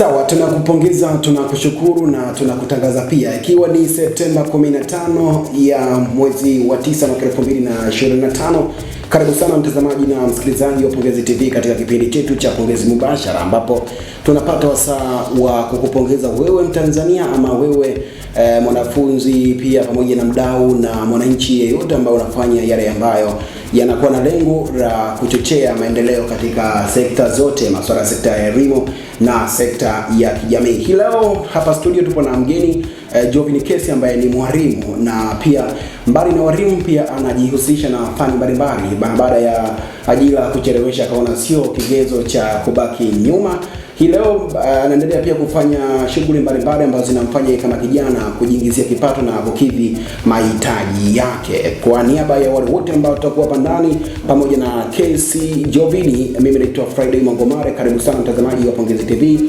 Sawa, tunakupongeza, tunakushukuru na tunakutangaza pia, ikiwa ni Septemba 15 ya mwezi wa 9 mwaka 2025 karibu sana mtazamaji na msikilizaji wa Pongezi TV katika kipindi chetu cha Pongezi Mubashara, ambapo tunapata wasaa wa kukupongeza wewe Mtanzania ama wewe e, mwanafunzi pia pamoja na mdau na mwananchi yeyote ambaye unafanya yale ambayo yanakuwa na lengo la kuchochea maendeleo katika sekta zote, masuala ya sekta ya elimu na sekta ya kijamii. Hii leo hapa studio tupo na mgeni e, Jovin Kesi ambaye ni mwalimu na pia Mbali na walimu, pia anajihusisha na fani mbalimbali. Baada ya ajira kuchelewesha, akaona sio kigezo cha kubaki nyuma. Hii leo anaendelea uh, pia kufanya shughuli mbalimbali ambazo zinamfanya kama kijana kujiingizia kipato na kukidhi mahitaji yake. Kwa niaba ya wale wote ambao tutakuwa hapa ndani pamoja na KC Jovini, mimi naitwa Friday Mangomare. Karibu sana mtazamaji wa Pongezi TV.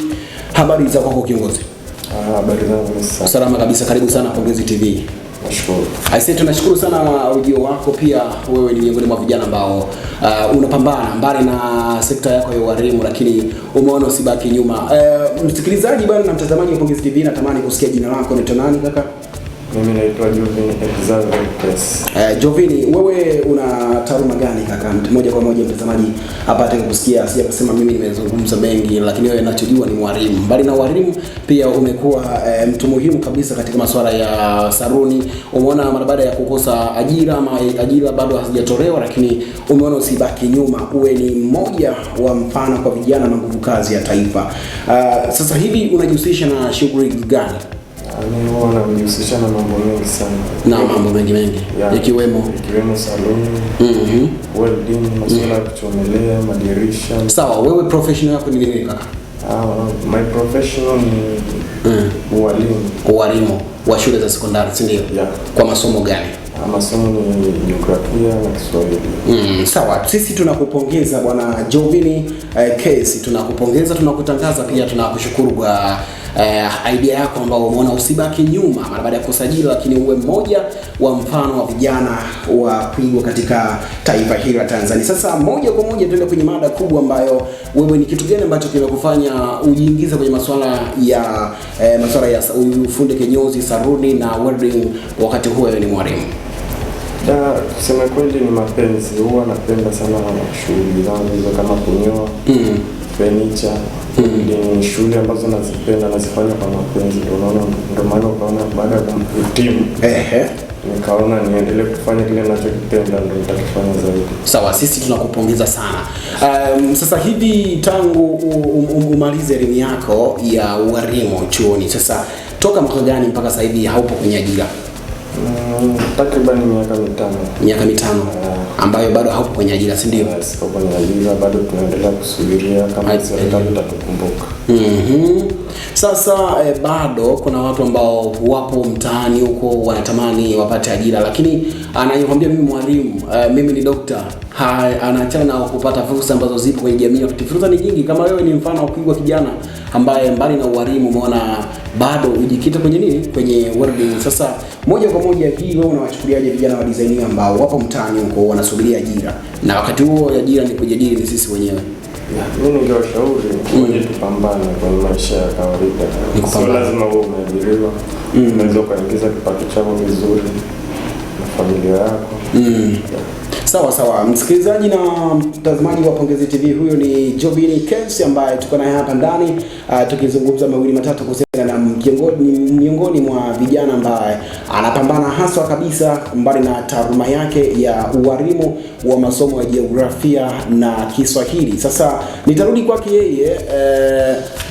Habari za kwako kiongozi? Ah, habari salama kabisa. Karibu sana Pongezi TV. Aisee, tunashukuru sana ujio wako. Pia wewe ni miongoni mwa vijana ambao uh, unapambana mbali na sekta yako ya ualimu, lakini umeona usibaki nyuma. Uh, msikilizaji bwana na mtazamaji wa Pongezi TV, natamani kusikia jina lako, unaitwa nani kaka? Mimi naitwa Jovini Exavier Press. Eh, Jovini, wewe una taaluma gani kaka? Moja kwa moja mtazamaji apate kusikia, sija kusema mimi nimezungumza mengi, lakini wewe nachojua ni mwalimu. Mbali na walimu, pia umekuwa e, mtu muhimu kabisa katika masuala ya saruni. Umeona mara baada ya kukosa ajira ama ajira bado hazijatolewa, lakini umeona usibaki nyuma, uwe ni mmoja wa mfano kwa vijana na nguvu kazi ya taifa. Uh, sasa hivi unajihusisha na shughuli gani? anajihusisha na mambo mengi sana na mambo mengi mengi ikiwemo ikiwemo mm -hmm. welding, masuala kuchomelea madirisha. Sawa, wewe professional yako ni nini kaka? Ah, my professional ni mm. wa shule za sekondari, si ndio? Yeah. Kwa masomo gani? Ah, masomo ni jiografia na Kiswahili. Mm, sawa. Sisi tunakupongeza bwana Jovini eh, Kesi, tunakupongeza, tunakutangaza pia, tunakushukuru kwa eh, idea yako ambayo umeona, usibaki nyuma mara baada ya kusajili, lakini uwe mmoja wa mfano wa vijana wa kuigwa katika taifa hili la Tanzania. Sasa moja kwa moja tuende kwenye mada kubwa ambayo wewe, ni kitu gani ambacho kimekufanya ujiingize kwenye masuala ya eh, masuala ya ufundi kinyozi, saruni na welding, wakati huo wewe ni mwalimu? Da, kusema kweli ni mapenzi. Huwa napenda sana shughuli zangu hizo kama kunyoa, mm, furniture ni shughuli ambazo nazipenda nazifanya kwa mapenzi, unaona. Ndio maana ukaona baada ya kuhitimu ehe, nikaona niendelee kufanya kile ninachokipenda, ndio nitakifanya zaidi. Sawa, sisi tunakupongeza sana. Um, sasa hivi tangu umalize elimu yako ya ualimu chuoni, sasa toka mwaka gani mpaka sasa hivi haupo kwenye ajira? Mm, takriban miaka mitano. Miaka mitano ambayo bado haupo kwenye ajira, si ndio? kwenye ajira bado tunaendelea kusubiria kama serikali itatukumbuka. Mhm. Sasa e, bado kuna watu ambao wapo mtaani huko wanatamani wapate ajira, lakini anayekwambia mimi mwalimu, e, mimi ni dokta, anaachana na kupata fursa ambazo zipo kwenye jamii. Yaani fursa ni nyingi, kama wewe ni mfano wa kijana ambaye mbali na ualimu umeona bado ujikita kwenye nini, kwenye welding. Sasa moja kwa moja, hii wewe unawachukuliaje vijana wa design ambao wapo mtaani huko wanasubiria ajira, na wakati huo ajira ni kujiajiri ni sisi wenyewe? Mimi ningewashauri waje tupambane mm. kwenye maisha ya kawaida, sio lazima uwe umeajiriwa. Mm. Unaweza ukaingiza kipato chako vizuri na familia yako. Mm. Sawa sawa, msikilizaji na mtazamaji wa Pongezi TV, huyo ni Jobini Kensi ambaye tuko naye hapa ndani uh, tukizungumza mawili matatu kuhusiana na miongoni mwa vijana ambaye anapambana haswa kabisa mbali na taaluma yake ya ualimu wa masomo ya jiografia na Kiswahili. Sasa nitarudi kwake yeye eh,